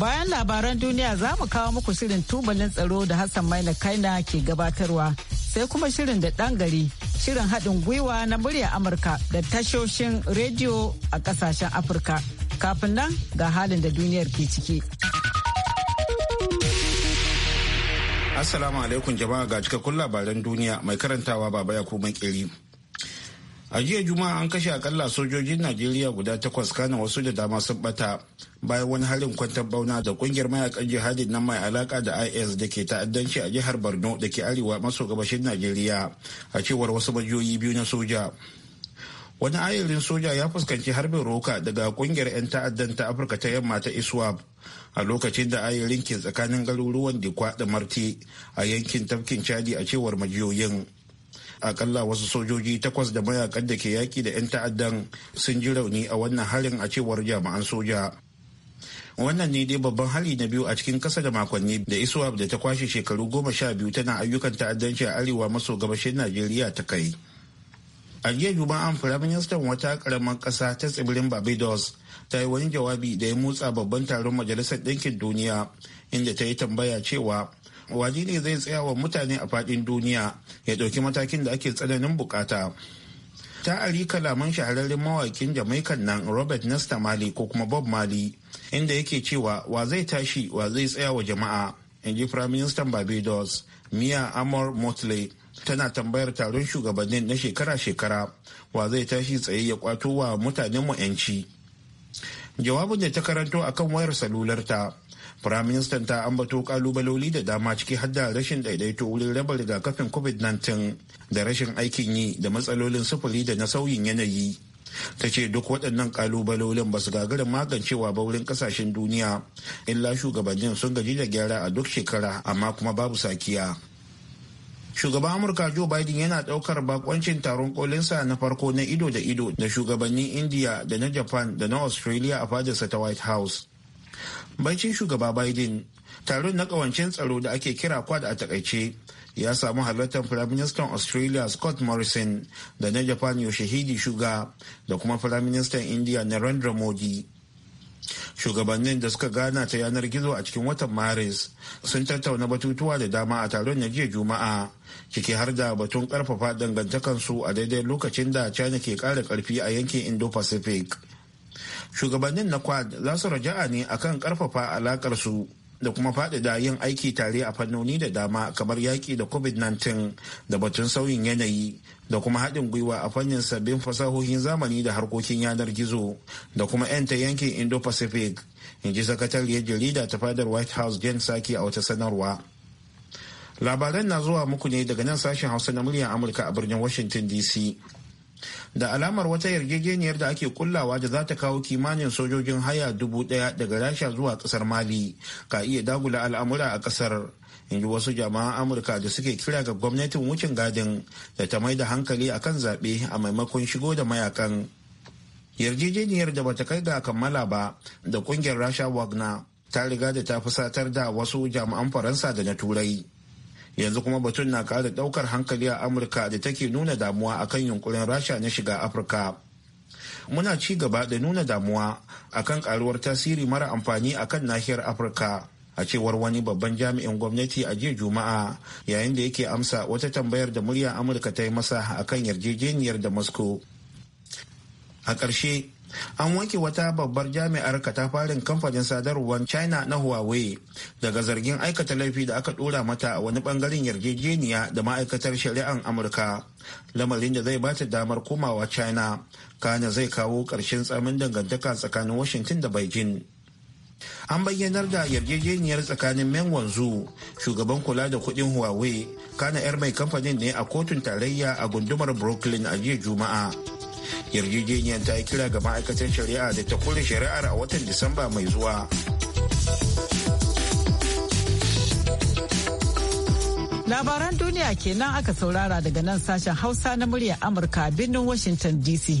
Bayan labaran duniya za mu kawo muku shirin tubalin tsaro da Hassan Maina Kaina ke gabatarwa sai kuma shirin da ɗan gari shirin haɗin gwiwa na murya Amurka da tashoshin rediyo a ƙasashen Afirka. Kafin nan ga halin da duniyar ke ciki. Assalamu alaikum jama'a ga cikakkun labaran duniya mai karantawa baba ya kuma kiri. a jiya juma'a an kashe akalla sojojin najeriya guda takwas kana wasu da dama sun bata bayan wani harin kwantar bauna da kungiyar mayakan jihadin nan mai alaka da is da ke ta'addanci a jihar borno da ke arewa maso gabashin najeriya a cewar wasu majiyoyi biyu na soja wani ayyarin soja ya fuskanci harbin roka daga kungiyar 'yan ta'addan ta afirka ta yamma ta iswap a lokacin da ayyarin ke tsakanin garuruwan dikwa da marti a yankin tafkin chadi a cewar majiyoyin akalla wasu sojoji takwas da mayakan da ke yaki da 'yan ta'addan sun ji rauni a wannan harin a cewar jami'an soja wannan ne dai babban hali na biyu a cikin kasa da makonni da iswap da ta kwashe shekaru goma sha biyu tana ayyukan ta'addanci a arewa maso gabashin najeriya ta kai a jiya juma'an firaministan wata karamar kasa ta tsibirin barbados ta yi wani jawabi da ya motsa babban taron majalisar ɗinkin duniya inda ta yi tambaya cewa wani ne zai tsaya wa mutane a fadin duniya ya ɗauki matakin da ake tsananin bukata ta ari kalaman shahararren mawakin jamaikan nan robert nesta mali ko kuma bob mali inda yake cewa wa zai tashi wa zai tsaya wa jama'a in ji firaministan barbados mia amor motley tana tambayar taron shugabannin na shekara-shekara wa zai tashi tsaye ya kwato wa mutanen mu 'yanci jawabin da ta karanto akan wayar salularta Firaministan ta ambato kalubaloli da dama ciki har da rashin daidaito wurin raba rigakafin COVID-19 da rashin aikin yi da matsalolin sufuri da na sauyin yanayi. Ta ce duk waɗannan kalubalolin ba su gagara magancewa ba wurin ƙasashen duniya, illa shugabannin sun gaji da gyara a duk shekara amma kuma babu sakiya. Shugaban Amurka Joe Biden yana ɗaukar bakoncin taron kolinsa na farko na ido da ido da shugabannin India da na Japan da na Australia a fadarsa ta White House. bancin shugaba biden taron na kawancin tsaro da ake kira kwad a takaice ya samu halartar firaministan australia scott morrison da na japan yoshihide shuga da kuma firaministan india narendra modi shugabannin da suka gana ta yanar gizo a cikin watan maris sun tattauna batutuwa da dama a taron na jiya juma'a ciki har da batun karfafa dangantakansu a daidai lokacin da china ke kara karfi a yankin indo-pacific shugabannin na quad za su raja'a ne a kan karfafa alakar su da kuma faɗaɗa yin aiki tare a fannoni da dama kamar yaƙi da covid-19 da batun sauyin yanayi da kuma haɗin gwiwa a fannin sabbin fasahohin zamani da harkokin yanar gizo da kuma 'yan ta yankin indo-pacific in ji sakatariyar jarida ta fadar white house jen saki a wata sanarwa labaran na zuwa muku ne daga nan sashen hausa na muryar amurka a birnin washington dc da alamar wata yarjejeniyar da ake kullawa da za ta kawo kimanin sojojin haya dubu daya daga rasha zuwa kasar mali ka iya dagula al'amura a kasar inji wasu jama'an amurka da suke kira ga gwamnatin wucin gadin da ta mai da hankali kan zaɓe a maimakon shigo da mayakan yarjejeniyar da bata kai ga kammala ba da kungiyar rasha wagner ta riga da ta fusatar da wasu jami'an faransa da na turai yanzu kuma batun na kara daukar hankali a amurka da take nuna damuwa akan yunkurin rasha na shiga afirka muna ci gaba da nuna damuwa akan karuwar tasiri mara amfani akan nahiyar afirka a cewar wani babban jami'in gwamnati a jiya juma'a yayin da yake amsa wata tambayar da murya amurka ta yi masa akan yarjejeniyar da moscow a ƙarshe an wanke wata babbar jami'ar katafarin kamfanin sadarwar china na huawei daga zargin aikata laifi da aka dora mata a wani bangaren yarjejeniya da ma'aikatar shari'an amurka lamarin da zai bata damar komawa china kana zai kawo ƙarshen tsamin dangantaka tsakanin washington da beijing an bayyanar da yarjejeniyar tsakanin meng wanzu shugaban kula da kudin huawei kana yar mai kamfanin ne a kotun tarayya a gundumar brooklyn a jiya juma'a yarjejeniyar ta yi kira ga ma'aikatar shari'a da ta kulle shari'ar a watan disamba mai zuwa labaran duniya kenan aka saurara daga nan sashen hausa na muryar amurka birnin washington dc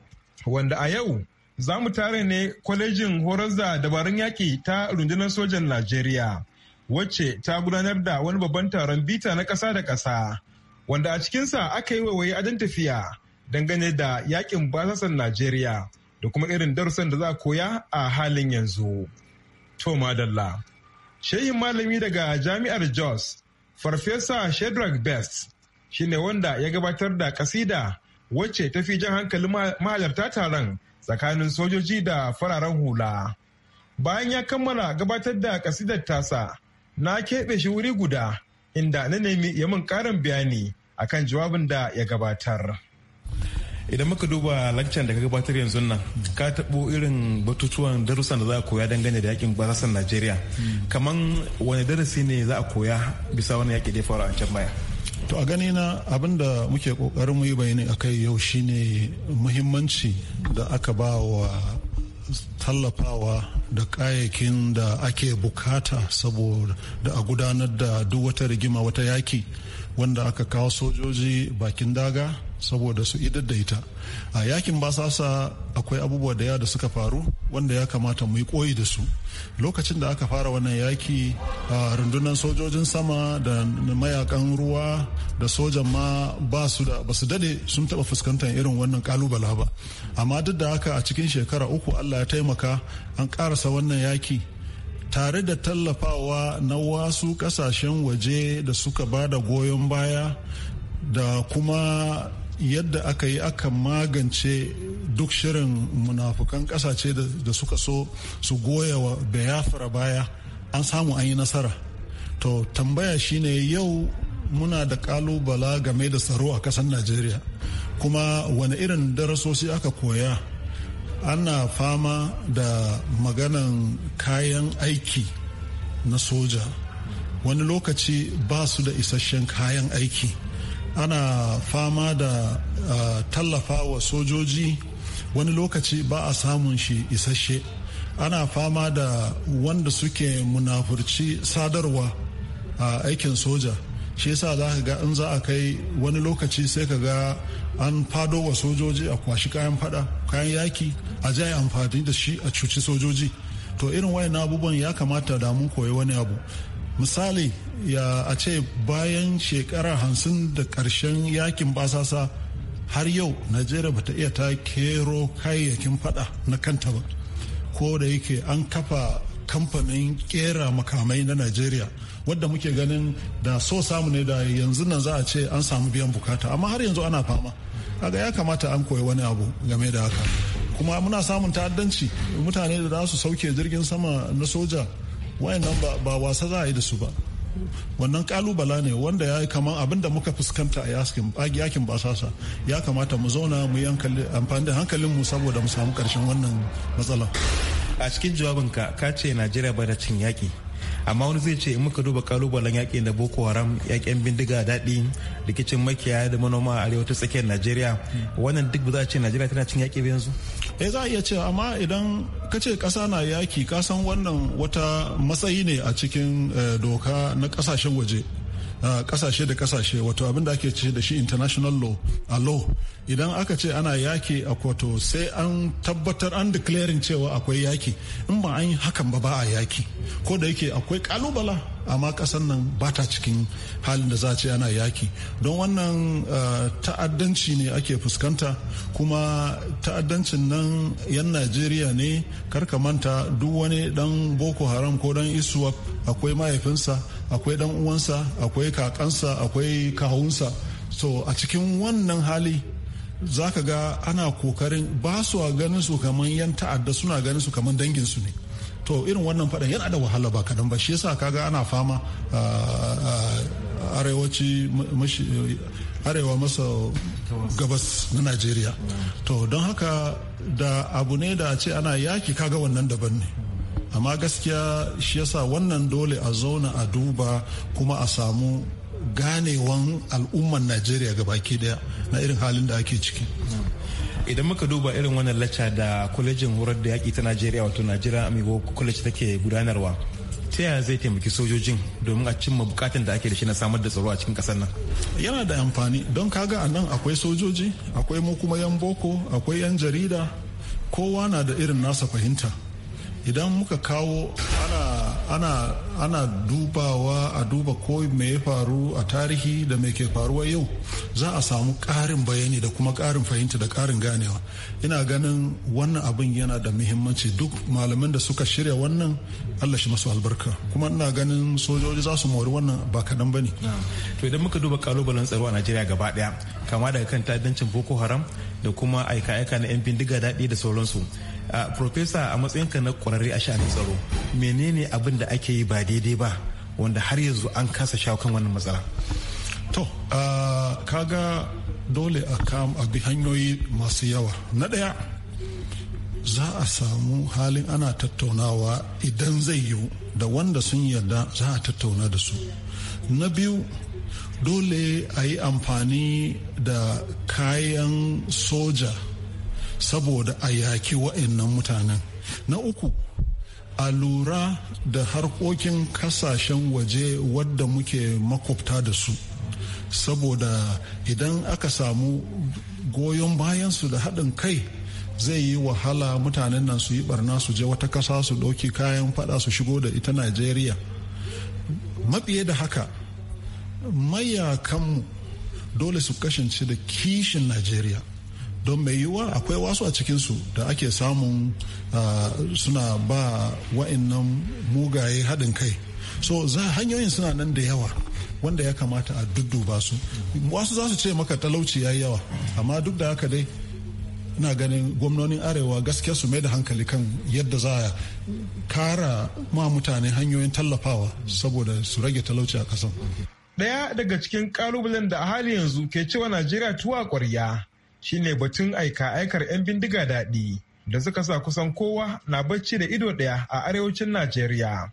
wanda a yau za mu tare ne kwalejin horar da dabarun yaƙi ta rundunar sojan Najeriya, wacce ta gudanar da wani babban taron bita na ƙasa da ƙasa, wanda a cikinsa aka yi wawaye adon tafiya dangane da yaƙin basasan Najeriya da kuma irin darussan da za a koya a halin yanzu. Toma Dalla. Shehin malami daga Jami'ar Jos, Farfesa Shedrack Best, shine wanda ya gabatar da kasida wacce ta fi jan hankalin mahalarta taron tsakanin sojoji da fararen hula. Bayan ya kammala gabatar da kasidar tasa, na keɓe shi wuri guda inda na nemi ya min ƙarin bayani akan jawabin da ya gabatar. Idan muka duba lakcan da ka gabatar yanzu nan, ka taɓo irin batutuwan darussan da za a koya dangane da yakin basasan Najeriya. Hmm. Kaman wani darasi ne za a koya bisa wani yaƙi da ya fara a can baya? to a gani na abin da muke kokarin mu yi bayani kai yau shine muhimmanci da aka ba wa tallafawa da kayayyakin da ake bukata saboda a gudanar da duk wata rigima wata yaki wanda aka kawo sojoji bakin daga saboda su idar da ita a yakin basasa akwai abubuwa da yawa da suka faru wanda ya kamata mu yi koyi da su lokacin da aka fara wannan yaki a rundunar sojojin sama da mayakan ruwa da sojan ma ba su da basu dade sun taba fuskantar irin wannan kalubala ba amma duk da haka a cikin shekara uku allah ya taimaka an karasa wannan yaki tare da tallafawa na wasu kasashen waje da suka ba da goyon baya da kuma yadda aka yi aka magance duk shirin munafukan kasace da suka so su goya wa bayafra baya an samu an yi nasara to tambaya shine yau muna da kalubala game da tsaro a ƙasar najeriya kuma wani irin darasosi aka koya ana fama da maganan kayan aiki na soja wani lokaci ba su da isasshen kayan aiki ana fama da uh, tallafa wa sojoji wani lokaci ba a samun shi isasshe ana fama da wanda suke munafurci sadarwa a aikin soja shi yasa za ka ga in za a kai wani lokaci sai ka ga an fado wa sojoji a kwashi kayan fada kayan yaki a ji amfani da shi a cuci sojoji to irin wayan abubuwan ya kamata da mun koyi wani abu misali ya a ce bayan shekara hamsin da karshen yakin basasa har yau najeriya bata iya ta kero kayayyakin fada na kanta ba ko da yake an kafa kamfanin kera makamai na najeriya wadda muke ganin da so samu ne da yanzu nan za a ce an samu biyan bukata amma har yanzu ana fama kaga ya kamata an koyi wani abu game da haka kuma muna samun ta'addanci mutane da za su sauke jirgin sama na soja wayannan ba wasa za a yi da su ba wannan kalubala ne wanda ya yi kamar abin da muka fuskanta a yakin basasa ya kamata mu zauna mu yi amfani da hankalin mu saboda mu samu karshen wannan matsala a cikin jawabinka ka ce najeriya ba da cin yaki amma wani zai ce in muka duba kalubalen yaki da boko haram yakin bindiga daɗi rikicin makiyaya da manoma a arewa ta tsakiyar najeriya hmm. wannan duk ba za a ce najeriya tana cin yaƙi yanzu eh za a iya cewa amma idan ka ce ƙasa na yaki ka san wannan wata matsayi ne a cikin eh, doka na ƙasashen waje ah, ƙasashe da ƙasashe wato abin da ake ce da shi international law a law idan aka ce ana yaki a kwato sai an tabbatar an declaring cewa akwai yaki in ba an yi hakan ba ba a yaki ko da yake akwai kalubala amma kasan nan ba ta cikin halin da za a ce ana yaki don wannan uh, ta'addanci ne ake fuskanta kuma ta'addancin nan yan najeriya ne karka manta duk wani dan boko haram ko dan isuwa akwai mahaifinsa akwai dan uwansa akwai kakansa akwai kahunsa so a cikin wannan hali za ka ga ana kokarin ba su a ganin su kamar yan ta'adda suna ganin su kamar danginsu ne to irin wannan fadan yana da wahala ba kaɗan ba shi yasa kaga ana fama arewaci arewa masa gabas na najeriya to don haka da abu ne da ce ana yaki kaga wannan daban ne amma gaskiya shi yasa wannan dole a zauna a duba kuma a samu ganewan al'umman najeriya baki daya na irin halin da ake ciki idan muka duba irin wannan lacca da kwalejin horar da yaƙi ta najeriya wato najeriya amigo kwaleji take gudanarwa ta yaya zai taimaki sojojin domin a cimma bukatan da ake da shi na samar da tsaro a cikin kasar nan yana da amfani don kaga a nan akwai sojoji akwai mu kuma yan boko akwai yan jarida kowa na da irin nasa fahimta idan muka kawo ana, ana, dubawa a duba ko me ya faru a tarihi da me ke faruwa yau za a samu ƙarin bayani da kuma ƙarin fahimta da ƙarin ganewa ina ganin wannan abin yana da muhimmanci duk malaman da suka shirya wannan allah shi masu albarka kuma ina ganin sojoji za su mori wannan ba kaɗan ba ne to idan muka duba kalubalen tsaro a najeriya gaba ɗaya kama daga kan ta'addancin boko haram da kuma aika-aika na 'yan bindiga daɗi da sauransu Profesa a matsayinka na kwararre a sha'anin tsaro menene abin da ake yi ba daidai ba wanda har yanzu an kasa shawo kan wannan matsala. To, kaga dole a kam a bi hanyoyi masu yawa. Na ɗaya za a samu halin ana tattaunawa idan zai yiwu da wanda sun yarda za a tattauna da su. Na biyu dole a yi amfani da kayan soja saboda a yaki wa'annan mutanen na uku a lura da harkokin kasashen waje wadda muke makwabta da su saboda idan aka samu goyon bayansu da haɗin kai zai yi wahala mutanen nan su yi barna su je wata ƙasa su ɗauki kayan fada su shigo da ita najeriya mafiye da haka mayakanmu dole su kasance da kishin najeriya don mai yiwuwa akwai wasu a cikinsu da ake samun ah, suna ba wa'annan mugaye haɗin kai so za hanyoyin suna nan da yawa wanda ya kamata a dudduba su wasu za su ce maka talauci ya yi yawa amma duk da haka dai ina ganin gwamnonin arewa gaskiya su mai da hankali kan yadda za a kara ma mutane hanyoyin tallafawa saboda su rage talauci a kasan. Daya daga cikin kalubalen da a hali yanzu ke cewa Najeriya tuwa kwarya shine batun aika aikar 'yan bindiga daɗi da suka sa kusan kowa na bacci da ido ɗaya a arewacin Najeriya.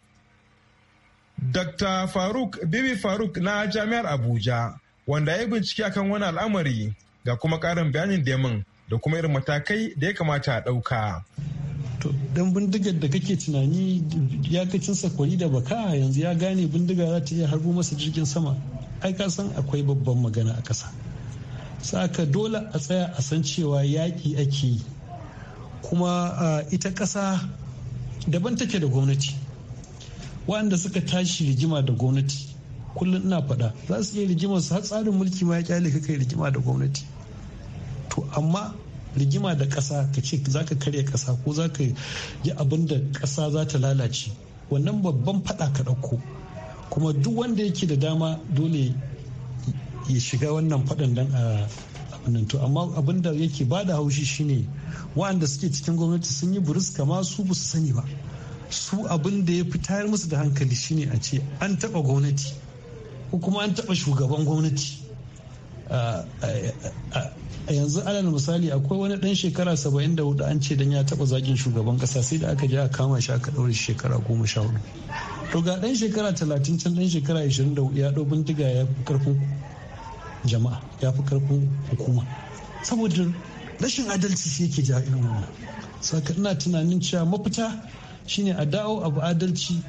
Dr. Faruk Bibi Faruk na Jami'ar Abuja, wanda ya bincike akan wani al'amari ga kuma ƙarin bayanin demin da kuma irin matakai da ya kamata a ɗauka. To, dan bindigar da kake tunani ya kacin sakwari da baka yanzu ya gane bindiga za ta iya harbo masa jirgin sama. Ai ka san akwai babban magana a ƙasa. saka dole a tsaya a san cewa yaƙi ake yi kuma ita ƙasa daban take da gwamnati waɗanda suka tashi rigima da gwamnati kullum ina faɗa za su iya rigimar su har tsarin mulki ma ya kyale ka kai rigima da gwamnati to amma rigima da ƙasa ka ce za ka karya ƙasa ko za ka yi abin da ƙasa za ta lalace wannan babban faɗa ka ɗauko kuma duk wanda yake da dama dole ya shiga wannan faɗan dan a ah, nan to amma abin da yake ba da haushi shine waɗanda suke cikin gwamnati sun yi burus kama su ba su sani ba su abin da ya fi tayar musu da hankali shine a ce an taɓa gwamnati ko kuma an taɓa shugaban gwamnati ah, a yanzu alal misali akwai wani ɗan shekara 74 an ce dan ya taɓa zagin shugaban ƙasa sai da aka je a kama shi aka ɗaure shekara goma sha hudu to ga ɗan shekara 30 can ɗan shekara 24 ya ɗau bindiga ya karfin jama'a ya fi karfin hukuma saboda rashin adalci shi yake ja irin wannan saka ina tunanin cewa mafita shine a dawo abu adalci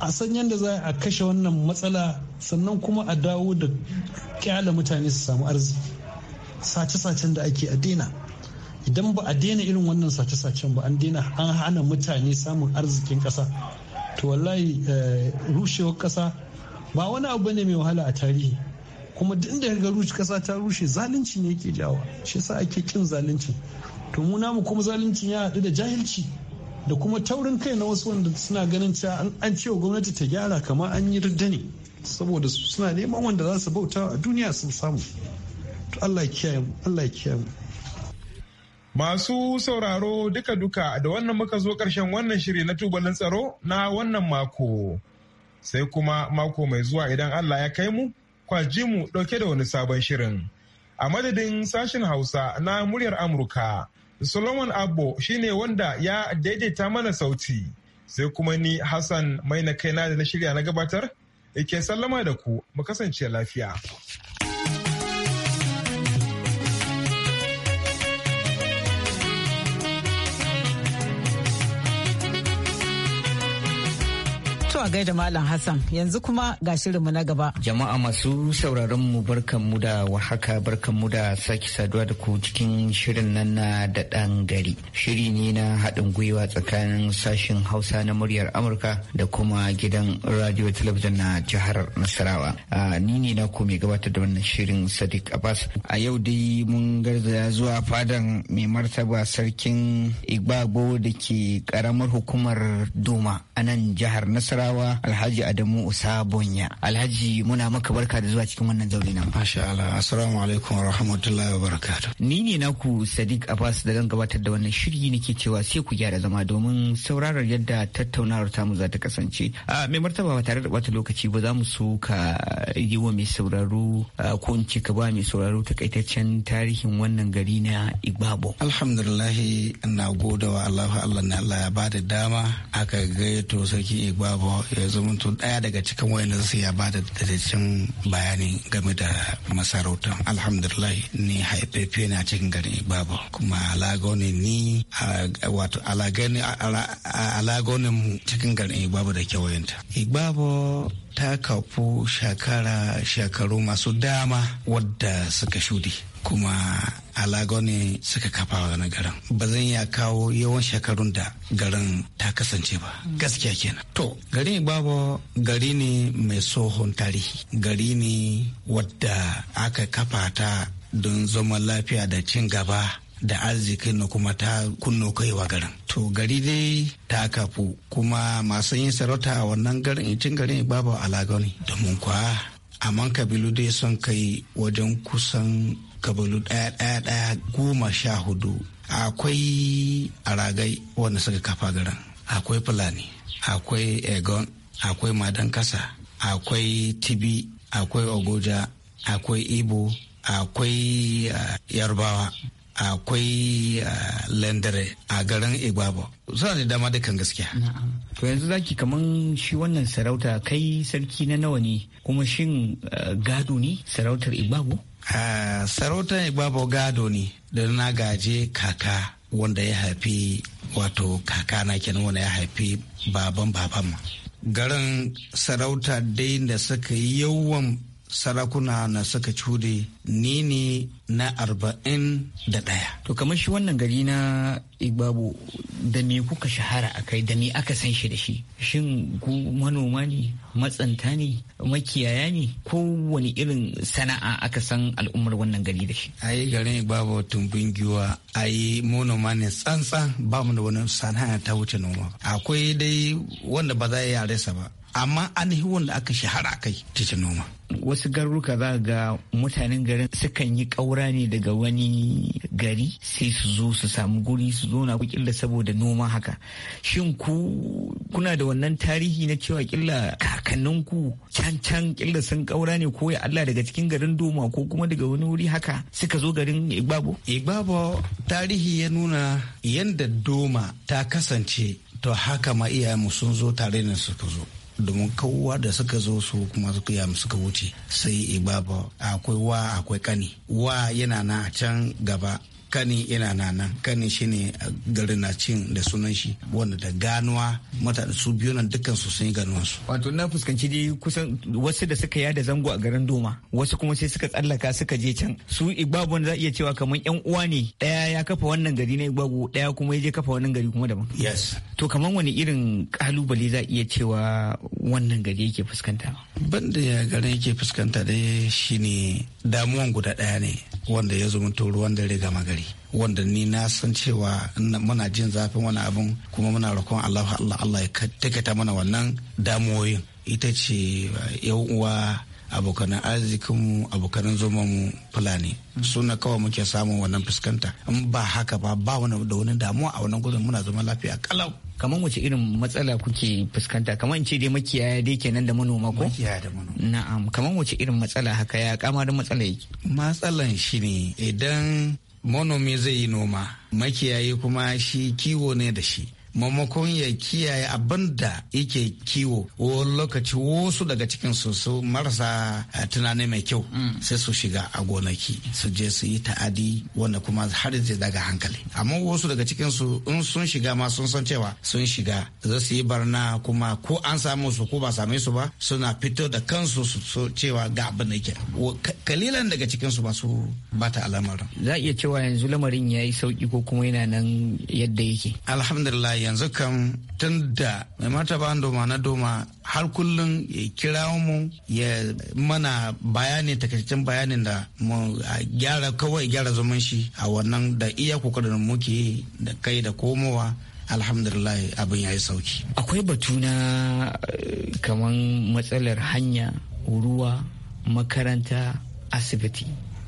a san yadda za a kashe wannan matsala sannan kuma a dawo da kyala mutane su samu arziki sace-sacen da ake a daina idan ba a daina irin wannan sace-sacen ba an daina an hana mutane samun arzikin kasa to wallahi eh, rushewar kasa ba wani abu ne mai wahala a tarihi kuma duk da ga rushe kasa ta rushe zalunci ne yake jawa shi yasa ake kin zalunci to mu namu kuma zalunci ya haɗu da jahilci da kuma taurin kai na wasu wanda suna ganin cewa an cewa gwamnati ta gyara kamar an yi ridda ne saboda suna neman wanda za su bauta a duniya sun samu to Allah kiyaye mu Allah kiyaye mu Masu sauraro duka-duka da wannan muka zo ƙarshen wannan shiri na tubalin tsaro na wannan mako. Sai kuma mako mai zuwa idan Allah ya kai mu kwajimu ɗauke da wani sabon shirin. A madadin sashen Hausa na muryar Amurka, Solomon Abbo shine wanda ya daidaita mana sauti, sai kuma ni Hassan mai na kaina da na shirya na gabatar, ke sallama da ku, mu kasance lafiya. a gaida Malam Hassan yanzu kuma ga shirinmu na gaba. Jama'a masu sauraron mu barkan mu da barkan mu da sake saduwa da ku cikin shirin nan na da ɗan gari. Shiri ne na haɗin gwiwa tsakanin sashen Hausa na muryar Amurka da kuma gidan radio talabijin na jihar Nasarawa. Ni ne na ku mai gabatar da wannan shirin Sadiq Abbas. A yau dai mun garzaya zuwa fadan mai martaba sarkin Igbagbo da ke ƙaramar hukumar duma a nan jihar Nasarawa. Jigawa Alhaji Adamu usabonya Alhaji muna maka barka da zuwa cikin wannan zaune nan. Masha Allah. Assalamu alaikum wa rahmatullahi wa barakatuh. Ni ne naku Sadiq Abbas da zan gabatar da wannan na ke cewa sai ku gyara zama domin sauraron yadda tattaunawar tamu za ta kasance. mai martaba ba tare da bata lokaci ba za mu so ka yi wa mai sauraro ko in ce ka ba mai sauraro takaitaccen tarihin wannan gari na Igbabo. Alhamdulillahi ina gode wa Allah Allah ne Allah ya ba da dama aka gaito sarki Igbabo ya to daya daga cikin wayanda su ya ba da bayani game da masarautar alhamdulillah ni haifafe na cikin gari babu kuma alagoni ni wato alagoni mu cikin gari babu da kewayenta. babu ta kafu shakara shakaru masu dama wadda suka shudi kuma alago suka kafa wani garin ba zan ya kawo yawan shekarun da garin ta kasance ba gaskiya kenan to gari babu gari ne mai tsohon tarihi gari ne wadda aka kafa ta don zaman lafiya da cin gaba da arzikin na kuma ta kunno kaiwa garin to gari dai ta kafu kuma masu yin sarauta a wannan garin cin garin babu alaga ne mun kwa amman kabilu dai son kai wajen kusan kabilu ɗaya ɗaya ɗaya goma sha hudu akwai aragai wanda suka kafa garin akwai fulani akwai egon akwai madan kasa akwai tibi akwai ogoja akwai ibo akwai eh, yarbawa akwai eh, landare a garin igbabo suna da dama dukan gaskiya to yanzu zaki kaman shi wannan sarauta kai sarki na nawa ne kuma shin eh, gado ne sarautar igbabo eh, sarautar igbabo gado ne da na gaje kaka wanda ya haifi wato kaka na kenan wanda ya haifi baban baban garin sarauta dai da suka yi yawan sarakuna na saka cude ni ne na arba'in da ɗaya. To kamar shi wannan gari na Igbabu da me kuka shahara a kai da me aka san shi da shi? Shin ku manoma ne, matsanta ne, makiyaya ne, ko wani irin sana'a aka san al'ummar wannan gari da shi? A yi garin Igbabu tumbin giwa yi manoma ne tsantsan ba mu da wani sana'a ta wuce noma. Akwai dai wanda ba za a yi a ba. amma ainihin wanda aka shahara kai tace noma wasu garuruka za ga mutanen garin sukan yi ƙaura ne daga wani gari sai su zo su samu guri su zo na kila saboda noma haka shin ku kuna da wannan tarihi na cewa kila ku can can kila sun ƙaura ne ko ya Allah daga cikin garin doma ko kuma daga wani wuri haka suka zo garin igbabo igbabo tarihi ya nuna yadda doma ta kasance to haka ma iyayenmu sun zo tare ne suka zo domin kowa da suka zo su kuma suka yamu suka wuce sai ibaba akwai wa akwai kani wa yana na can gaba kani ina na nan kani shine garin na cin da sunan shi wanda da ganuwa mata su biyu nan dukkan su sun yi ganuwa su wato na fuskanci dai kusan wasu da suka yada zango a garin doma wasu kuma sai suka tsallaka suka je can su igbabu za iya cewa kamar yan uwa ne daya ya kafa wannan gari na igbabu daya kuma ya je kafa wannan gari kuma daban yes to kamar wani irin kalubale za iya cewa wannan gari yake fuskanta Banda ya garin yake fuskanta dai shine damuwan guda daya ne wanda ya zumunta ruwan dare gama gari wanda ni na san cewa muna jin zafin wani abun kuma muna roƙon Allah Allah Allah ya takaita mana wannan damuwoyin ita ce uh, yan uwa abokan arzikinmu abokan mu fulani mm. suna kawai muke samun wannan fuskanta in ba haka ba ba wani da wani damuwa a wannan gudun muna zama lafiya kalau kamar wace irin matsala kuke fuskanta kamar in ce dai makiyaya dai kenan da manoma ko makiyaya da manoma na'am kamar wace irin matsala haka ya kama da matsala yake matsalan shine idan manomi zai yi noma makiyayi kuma shi kiwo ne da shi Mamakon ya kiyaye abin da yake kiwo wani lokaci wasu daga cikin su marasa eh, tunani mai kyau mm. sai su shiga a gonaki su je su yi ta'adi wanda kuma har zai daga hankali amma wasu daga cikin su in sun shiga ma sun san cewa sun shiga za su yi barna kuma ko an samu su ko ba same su ba suna fito da kansu su cewa ga abin da yake kalilan daga cikin su ba su bata al'amarin za a iya cewa yanzu lamarin ya yi sauki ko kuma yana nan yadda yake alhamdulillah yanzu kam tun da mai martaba doma na doma har kullum ya kira mu ya mana bayani takaitaccen bayanin da mu gyara kawai gyara zaman a wannan da iya kokarin muke da kai da komowa alhamdulillah abin ya yi sauki akwai batu na eh, kaman matsalar hanya ruwa makaranta asibiti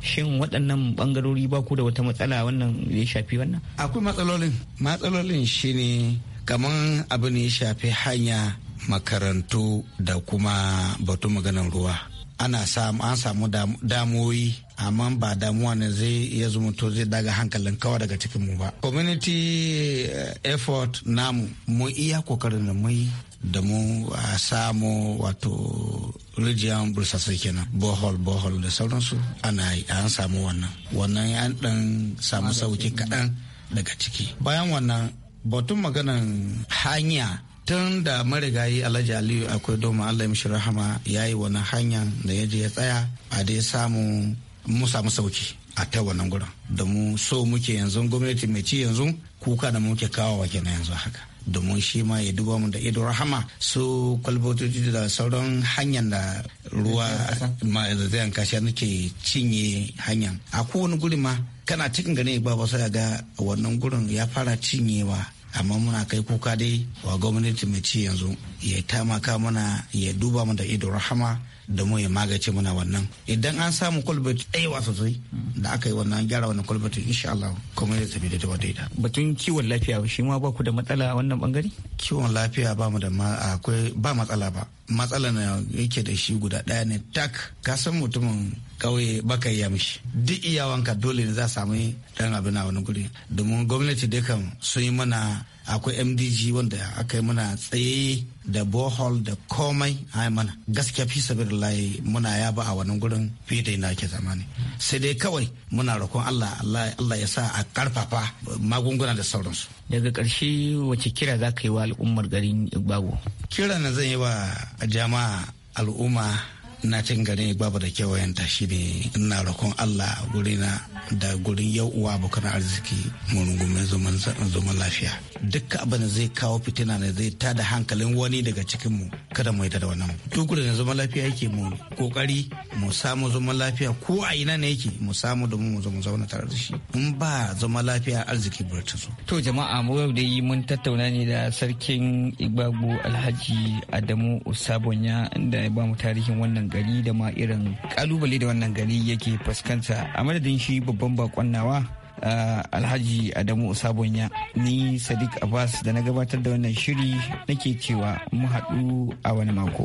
shin waɗannan bangarori ba ku da wata matsala wannan ya shafi wannan akwai matsalolin matsalolin shine kamar abin ya shafi hanya makarantu da kuma batu maganar ruwa ana samu an samu damoyi amma ba damuwa ne zai ya zumunto zai daga hankalin kawai daga cikin mu ba community eh, effort namu mu iya kokarin da mu da mu samu wato bursa bursasai kenan bohol bohol da sauransu ana yi an samu wannan wannan ya dan samu sauki kaɗan daga ciki bayan wannan batun maganan hanya tun da marigayi alhaji aliyu akwai doma allah mishi rahama ya yi wani hanya da ya je ya tsaya a dai samu mu samu sauki a ta wannan gurin da mu so muke yanzu gwamnati mai ci yanzu kuka da muke kawo wa kenan yanzu haka domin shi ma ya duba mu da ido rahama su kwalbatoci da sauran hanyar da ruwa zai kasa nake cinye hanyar a kowane guri ma kana cikin gane ba ba sai ga wannan gurin ya fara cinyewa amma muna kai kuka dai wa gwamnati mai ci yanzu ya tamaka mana ya duba mu da ido rahama mu ya magace muna wannan idan an samu kwalbati ɗaya sosai da aka yi wannan gyara wannan kwalbati insha Allah kuma zai tafi da ta daidai batun kiwon lafiya shi ma ba ku da matsala a wannan bangare kiwon lafiya ba mu da akwai ba matsala ba matsala na yake da shi guda ɗaya ne tak ka san mutumin kauye baka yi mishi duk iyawanka dole ne za samu ɗan abin a wani guri domin gwamnati dai kan sun yi mana akwai mdg wanda aka yi mana tsaye da bohol da komai a mana gaskiya fi sabirin muna ba a wannan gurin fiye ina ke zamani sai dai kawai muna roƙon allah allah ya sa a karfafa magunguna da sauransu daga ƙarshe wace kira za ka yi wa al'ummar garin igbago kira na zan yi wa jama'a al'umma na cin gani babu da kewayenta ne ina roƙon Allah gurina da gurin yau uwa abokan arziki mu zuman zaman lafiya dukkan abin da zai kawo fitina ne zai da hankalin wani daga cikin kada mu yi da wannan duk gurin zuman lafiya yake mu kokari mu samu zuman lafiya ko a ina ne yake mu samu domin mu zama zauna tare da shi in ba zuman lafiya arziki bar su to jama'a mu yau yi mun tattauna ne da sarkin Igbagbo Alhaji Adamu Usabonya inda ya ba mu tarihin wannan gari da ma irin kalubale da wannan gari yake fuskanta a madadin shi babban bakon nawa uh, alhaji adamu sabonya ni sadiq abbas da na gabatar da wannan shiri nake cewa mu haɗu a wani mako.